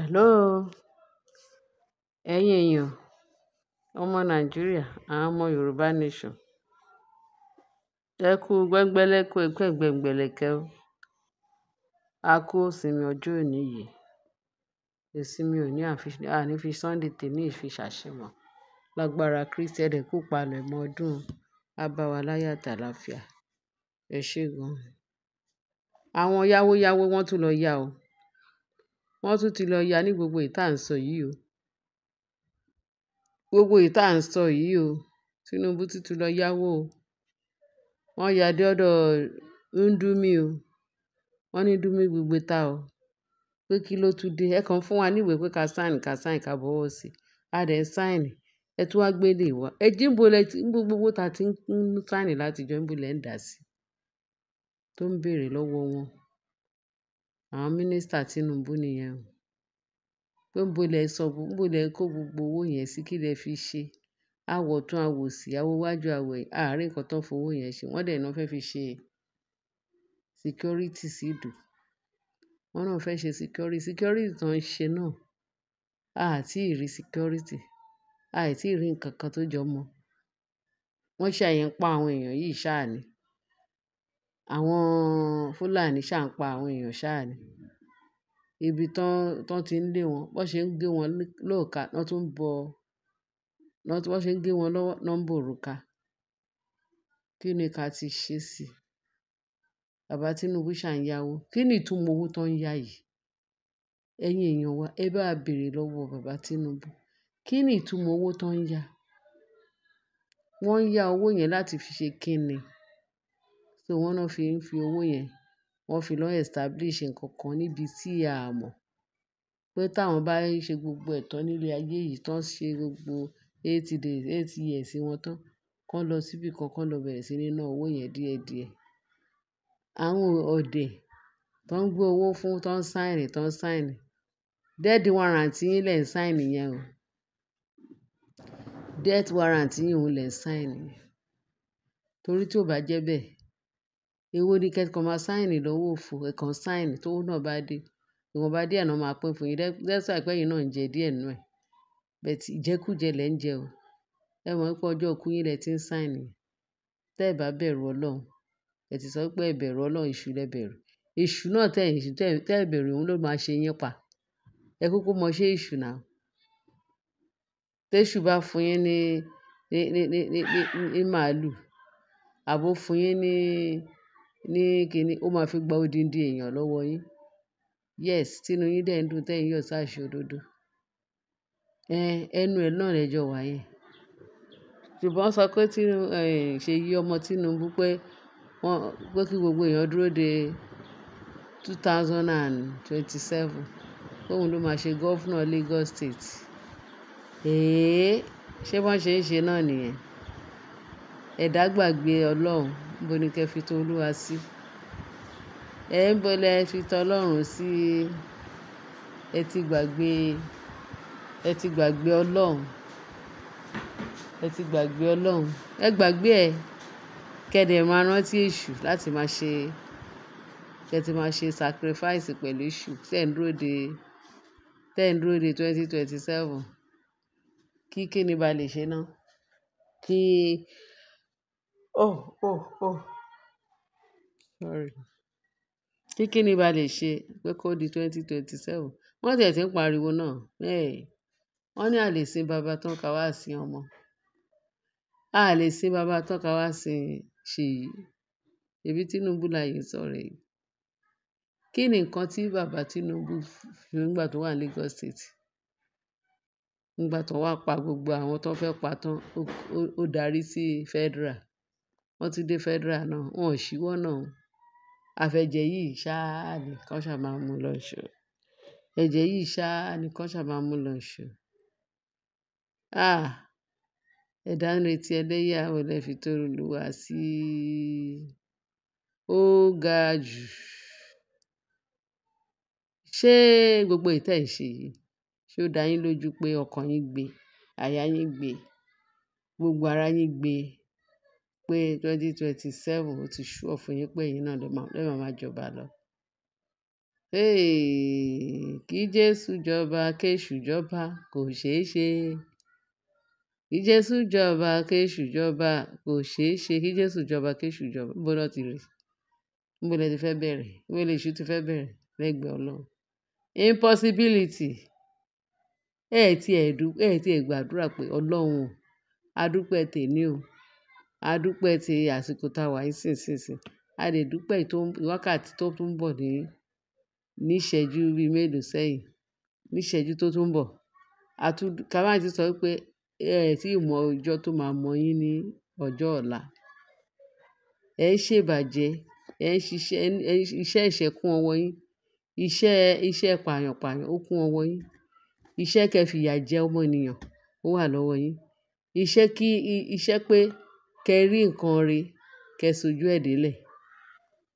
Hello. Ẹ̀yin èèyàn, ọmọ Nàìjíríà, àwọn ọmọ Yorùbá nation. Ẹ kú gbẹ́ngbẹ́lẹ́ kú ẹkú ẹ̀gbẹ́ngbẹ́lẹ́kẹ́ o. A kú ìsinmi ọjọ́ òní yìí. Ìsinmi òní a ní fi Sunday tèní fi ṣàṣemọ. Lágbára Kristi ẹ̀dẹ̀ kú palẹ̀mọ́ ọdún. A bá wa láyé àtàlàáfíà. Ẹ ṣé gan. Àwọn yáwóyáwó wọ́n tún lọ yá o wọ́n tún ti lọ́ọ́ ya ní gbogbo èyí à ń sọ yìí o gbogbo èyí à ń sọ yìí o Tinubu tún ti yáwó o wọ́n ya dé ọ̀dọ̀ Ndúmí o wọ́n ní Ndúmí gbogbo ta o pé kí ló tún dé ẹ fún wa níwèé pé ká sáìn ká sáìn ká bọ́wọ́ sí i a ń sáìn ẹ tún wá gbélé wa ẹ jí gbogbo ta ti ń sáìn látijọ́ ń bolẹ̀ ń dà sí tó ń béèrè lọ́wọ́ wọn àwọn mínísítà Tinubu nìyẹn o pé níbo lẹ sọ níbo lẹ kó gbogbo owó yẹn sí kí lẹ fi ṣe àwọ̀tún àwòsì àwòwájú àwẹ̀yìn a rí nǹkan tó ń fowó yẹn ṣe wọ́n dẹ̀ náà fẹ́ fi ṣe security sí ìdò wọ́n náà fẹ́ ṣe security security tó ń ṣe náà a ti security a ì tí ì rí nǹkan kan tó jọ mọ́ wọ́n ṣàì ń pa àwọn èèyàn yìí ṣáà ni àwọn Fúlàní ṣà ń pa àwọn èèyàn ṣá ni. Ibi tán, ti ń lé wọn, bó ṣe ń gé wọn lóòka, lọ́ tún bọ, bó ṣe ń gé wọn lọ́wọ́, lọ́ ń bọ Kí ni ká ti ṣe sí i? Bàbá Tinubu ṣà ń yáwó. Kí ni ìtumọ̀ owó tó ń yá yìí? Ẹ̀yin èèyàn wa, ẹ bá bèrè lọ́wọ́ bàbá Tinubu. Kí ni ìtumọ̀ owó tó ń yá? Wọ́n ń yá owó yẹn láti fi ṣe kí ni? So wọ́n náà fi ń fi owó yẹn, wọ́n fi lọ establish nǹkan kan níbi tí a mọ̀. Pé táwọn bá ṣe gbogbo ẹ̀tọ́ nílé ayé yìí, tán ṣe gbogbo eight days, eight years wọn tán, kán lọ síbi kan, kán lọ bẹ̀rẹ̀ sí ní ná owó yẹn díẹ̀díẹ̀. Àwọn ọ̀dẹ̀ tó ń gbé owó fún, tó ń sign, tó ń sign. Death warrant yín lẹ̀ ń sign yẹn o. Death warrant yín òun lẹ̀ ń sign. Torí tí ó bá jẹ́ bẹ́ẹ̀, Èwo ni kẹ́ kan máa sáìnì lọ́wọ́ òfo, ẹ̀ kan sáìnì tó owó náà bá dé. Ìwọ̀nba díẹ̀ náà máa pín fún yín. That's why pé ẹ̀yin náà ń jẹ díẹ̀ nínú ẹ̀. But ìjẹkújẹ lẹ̀ ń jẹ o. Ẹ mọ̀ pé ọjọ́ ikú yín lẹ ti ń sáìnì. Tẹ́ ẹ bá bẹ̀rù Ọlọ́run, ẹ ti sọ pé ẹ bẹ̀rù Ọlọ́run, èṣù lẹ bẹ̀rù. Èṣù náà tẹ́ ẹ bẹ̀rù, òun ló máa ṣe yín pa. Ẹ kúkú mọ iṣẹ́ èṣù now. Tí èṣù bá fún yín ní, ní, ní, ní, ní, ní màálù, àbo fún yín ní ní kíni, ó máa fi gba odindi èèyàn lọ́wọ́ yín. Yes, tinu yín dẹ̀ ń dùn tẹ́ ń yọ̀ sáàṣọ òdodo. Ẹn, ẹnu ẹ̀ náà lẹ jọ wá yẹn. Ṣùgbọ́n sọ pé Tinu, eh, Ṣèyí ọmọ Tinubu pé wọ́n, pé kí gbogbo èèyàn dúró de two thousand and twenty-seven, pé òun ló máa ṣe governor Lagos State. Èé, ṣé bí wọ́n ṣe ń ṣe náà nìyẹn? Ẹ̀dá gbàgbé Ọlọ́run, níbo ni kẹ fi t'Olúwa sí? Ẹ̀ ń bo lẹ fi t'Ọlọ́run sí? Ẹ ti gbàgbé, ẹ ti gbàgbé Ọlọ́run, ẹ ti gbàgbé Ọlọ́run. Ẹ gbàgbé ẹ̀, kẹ́ dẹ̀ máa rántí èṣù láti máa ṣe, kí ẹ ti máa ṣe sacrifice pẹ̀lú èṣù tẹ̀ ń dúró de, tẹ̀ ń dúró de 2027. Kí kíni ba lè ṣe náà? Kí. Oh, oh, oh. Sorry. Kí kí ni ba lè ṣe pé kó di twenty twenty seven? Wọ́n tiẹ̀ ti ń pariwo náà. Hey. Wọ́n ní a lè sin baba tán ká wá sin ọmọ. A lè sin baba tán ká wá sin Ṣèyí. Èbí Tinubu láyé sọ̀rọ̀ yìí. Kí ni nǹkan tí bàbá Tinubu ṣe nígbà tó wà ní Lagos State? Nígbà tó wá pa gbogbo àwọn tó fẹ́ pa tán, ó darí sí Federal wọ́n tún dé federal náà, wọn ò ṣíwọ́ náà. Àfẹ̀jẹ̀ yìí ṣáá ni kán ṣà máa mú lọ ṣo. Ẹ̀jẹ̀ yìí ṣáá ni kán ṣà máa mú lọ ṣo. Ah! Ẹ̀dá ń retí ẹlẹ́yà ó lè fi tó Olúwa sí. Ó ga jù. Ṣé gbogbo èyí tẹ̀ ń ṣe yìí, ṣe ó dá yín lójú pé ọkàn yín gbe, àyà yín gbe, gbogbo ara yín gbe? pé twenty twenty seven ó ti ṣú ọ̀fun yín pé ẹ̀yin náà lè máa máa jọba lọ. kí Jésù jọba kéṣù jọba kò ṣeé ṣe kí Jésù jọba kéṣù jọba kò ṣeé ṣe kí Jésù jọba kéṣù jọba níbo lọ ti rí níbo lẹ ti fẹ́ bẹ̀rẹ̀ níbo lè ṣú ti fẹ́ bẹ̀rẹ̀ lẹ́gbẹ̀ẹ́ Ọlọ́run impossibility ẹ ti ẹ dú ẹ ti ẹ gbàdúrà pé Ọlọ́run adúpẹ́ tèmi o A dúpẹ́ ti àsìkò tá wà nísinsìnyí. A dè dúpẹ́ èyí tó wákàtí tó tún ń bọ̀ ní, ní ìṣẹ́jú bí mélòó sẹ́yìn, ní ìṣẹ́jú tó tún ń bọ̀. A tún, ká má tí sọ wípé ẹ tí ì mọ ọjọ́ tó máa mọ yín ní ọjọ́ ọ̀la. Ẹ ń ṣe ẹ ń ṣiṣẹ́, iṣẹ́ ìṣe ọwọ́ yín. Iṣẹ́, iṣẹ́ pààyàn ó kún ọwọ́ yín. Iṣẹ́ kẹ fìyà jẹ ó wà lọ́wọ́ yín. Iṣẹ́ kí, iṣẹ́ pé kẹ rí nǹkan re, kẹ ṣojú ẹ̀ délẹ̀,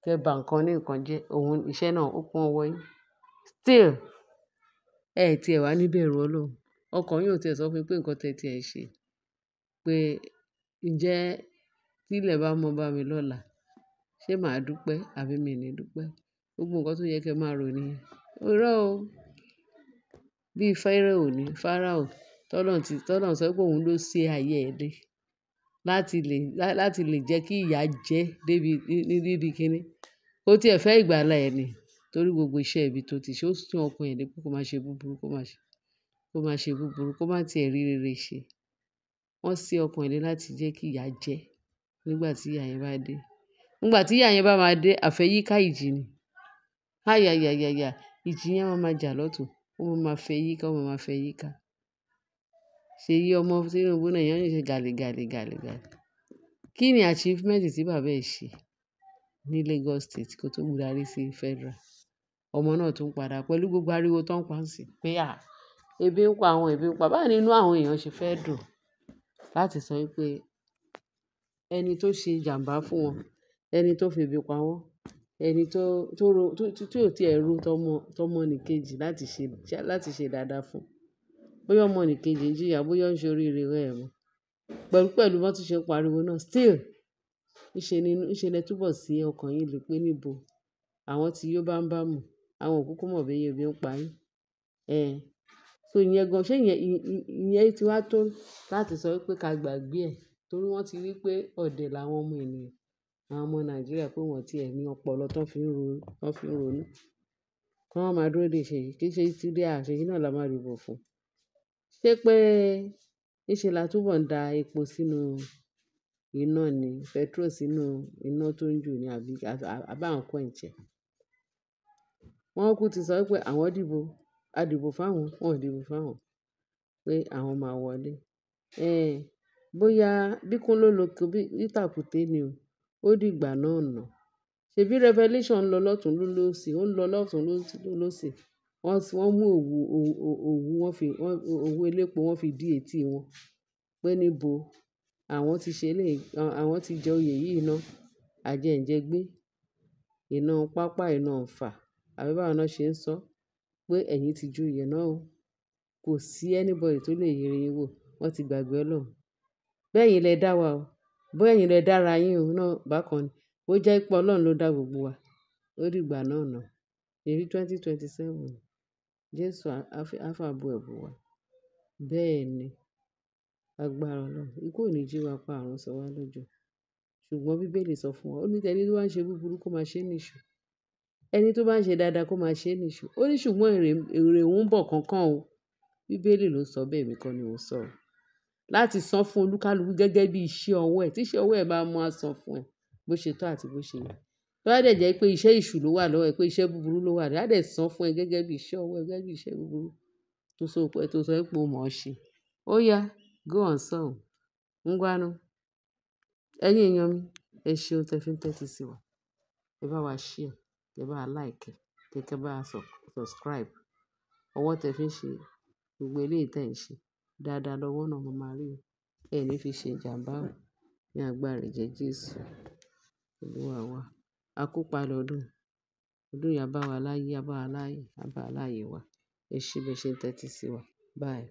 kẹ ba nǹkan ní nǹkan jẹ́, òun iṣẹ́ náà ó pọ́n ọwọ́ yín. Still, ẹ ti ẹ̀ wá níbẹ̀rù Ọlọ́run. Ọkàn yín ò tí è sọ fún yín pé nǹkan tí ẹ ti ẹ̀ ṣe pé ǹjẹ́ tí ilẹ̀ bá mọ́ bá mi lọ́la, ṣé màá dúpẹ́ àbí mi ò ní dúpẹ́? Gbogbo nǹkan tó yẹ kí máa rò nìyẹn. Irọ́ o. Bí Fáráò ni, Fáráò, t'Ọlọ́run ti, t'Ọlọ́run sọ pé òun ló sé ayé ẹ dé láti lè, láti lè jẹ́ kí ìyà jẹ́ débi níbi kíni. Ó ti ẹ̀ fẹ́ ìgbàlà ni torí gbogbo iṣẹ́ ibi tó ti ṣe ó sún ọkàn ẹ̀ nípò kó má ṣe búburú, kó má ṣe, kó má ṣe búburú, kó má ti ẹ̀ rí rere ṣe. Wọ́n ṣí ọkàn ẹ̀ le láti jẹ́ kí ìyà jẹ́ nígbà tí ìyà yẹn bá dé. Nígbà tí ìyà yẹn bá máa dé, àfẹ́yíká ìjì ni. Áyàyàyàyà! Ìjì yẹn máa ma jà lọ́tùn, ó máa ma fẹ́ yíká, ó máa ma fẹ́ yíká. Ṣèyí ọmọ Tinubu náà èèyàn ń ṣe gàlè gàlè gàlè gàlè. Kí ni achievement tí bàbá ẹ ṣe ní Lagos State kó tó darí sí Federal? Ọmọ náà tún padà pẹ̀lú gbogbo ariwo tó ń pa ń sìn pé à, ebi ń pa àwọn, ebi ń pa. Báwo ni inú àwọn èèyàn ṣe fẹ́ dùn láti sọ wípé ẹni tó ṣe ìjàǹbá fún wọn, ẹni tó fi pa wọ́n, ẹni tó, tó tó, tí ò tí ẹ ro tọmọ, tọmọ nìkejì láti ṣe, láti ṣe dáadáa fún bóyá ọmọ nìkejì ń jìyà, bóyá ó ń ṣe oríire, ẹ mọ̀. Pẹ̀lú pẹ̀lú bí wọ́n ti ṣe ń pariwo náà, still níṣe ni, níṣe lẹ túbọ̀ sí ọkàn yín le pé níbo àwọn tí yóò bá ń bá mu, àwọn ò kúkú mọ̀ bóyá ń pa yín. Ẹn, so ìyẹn gan, ṣé ìyẹn, ìyẹn ti wá tó láti sọ wípé ka gbàgbé ẹ̀ torí wọ́n ti rí pé ọ̀dẹ̀ làwọn ọmọ ènìyàn, àwọn ọmọ Nàìjíríà pé wọ́n ti ẹ̀ ní ọpọlọ tó fi ń ro, tó fi ń ronú. Kí wọ́n máa dúró dè ṣèyí, kí ṣe tí dé àṣeyí náà la máa dìbò fún ṣé pé níṣe la túbọ̀ ń da epo sínú iná ni, petrol sínú iná tó ń jò ni àbí àbáwọ́n kọ́ ń tiẹ̀. Wọ́n kúkú ti sọ wípé àwọn dìbò, a dìbò fáwọn, wọn ò dìbò fáwọn pé àwọn máa wọlé. Ẹn, bóyá bí kúnlé olóko bí ìtàkùté ni o, ó dìgbà náà náà. Ṣèbí revelation ń lọ lọ́tùn lósì, ó ń lọ lọ́tùn lósì wọ́n ti wọ́n mú òwú òwú wọ́n fi òwú elépo wọ́n fi dí etí wọn pé níbo àwọn ti ṣe eléyìí àwọn ti jẹ oyè yìí ná àjẹǹjẹgbé iná pápá iná ọ̀fà àbí báwọn náà ṣe ń sọ pé ẹ̀yin ti ju ìyẹn náà o kò sí anybody tó lè yẹ̀rẹ̀ yín wò wọ́n ti gbàgbé ọlọ́run bẹ́ẹ̀yin lẹ dá wa o bẹ́ẹ̀yin lẹ dára yín o náà bákan ni bó jẹ́ pé ọlọ́run ló dá gbogbo wa ó dìgbà náà náà èrí twenty twenty seven. Jésù á fàbọ̀ ẹ̀ bò wá. Bẹ́ẹ̀ ni, agbára Ọlọ́run. Ikú ò ní jí wa pa, àrùn sọ wá lójú. Ṣùgbọ́n Bíbélì sọ fún wa, ó ní ẹni tó bá ń ṣe búburú kó máa ṣe é nìṣù. Ẹni tó bá ń ṣe dáadáa kó máa ṣe é nìṣù. Ó ní ṣùgbọ́n èrè, òun ń kankan o. Bíbélì ló sọ bẹ́ẹ̀, èmi kọ́ ni mo sọ. Láti san fún olúkálùkù gẹ́gẹ́ bí iṣẹ́ ọwọ́ ẹ̀. Tí iṣẹ́ ọwọ́ bá mú a san fún ẹ, bó ṣe tọ́ àti bó ṣe yẹ. Tó bá dẹ̀ jẹ́ pé iṣẹ́ èṣù ló wà lọ́wọ́ ẹ, pé iṣẹ́ búburú ló wà, a dẹ̀ san fún ẹ gẹ́gẹ́ bí iṣẹ́ ọwọ́ ẹ, gẹ́gẹ́ bí iṣẹ́ búburú tó pé, tó go on Ngwanu. Ẹ̀yin èèyàn mi, ẹ ṣeun tẹ fi ń wa. Ẹ bá wa ẹ bá like, bá wa Ọwọ́ tẹ fi ń ṣe gbogbo eléyìí tẹ̀ ń ṣe. Dáadáa lọ́wọ́ náà mo máa rí Ẹ ní fi ṣe ìjàmbá a kópa lọ́dún. Ọdún yìí á bá wa láyé, á bá wa láàyè, á Ẹ ṣé bẹ́ẹ̀ ṣe ń tẹ́tí sí wa. Bye.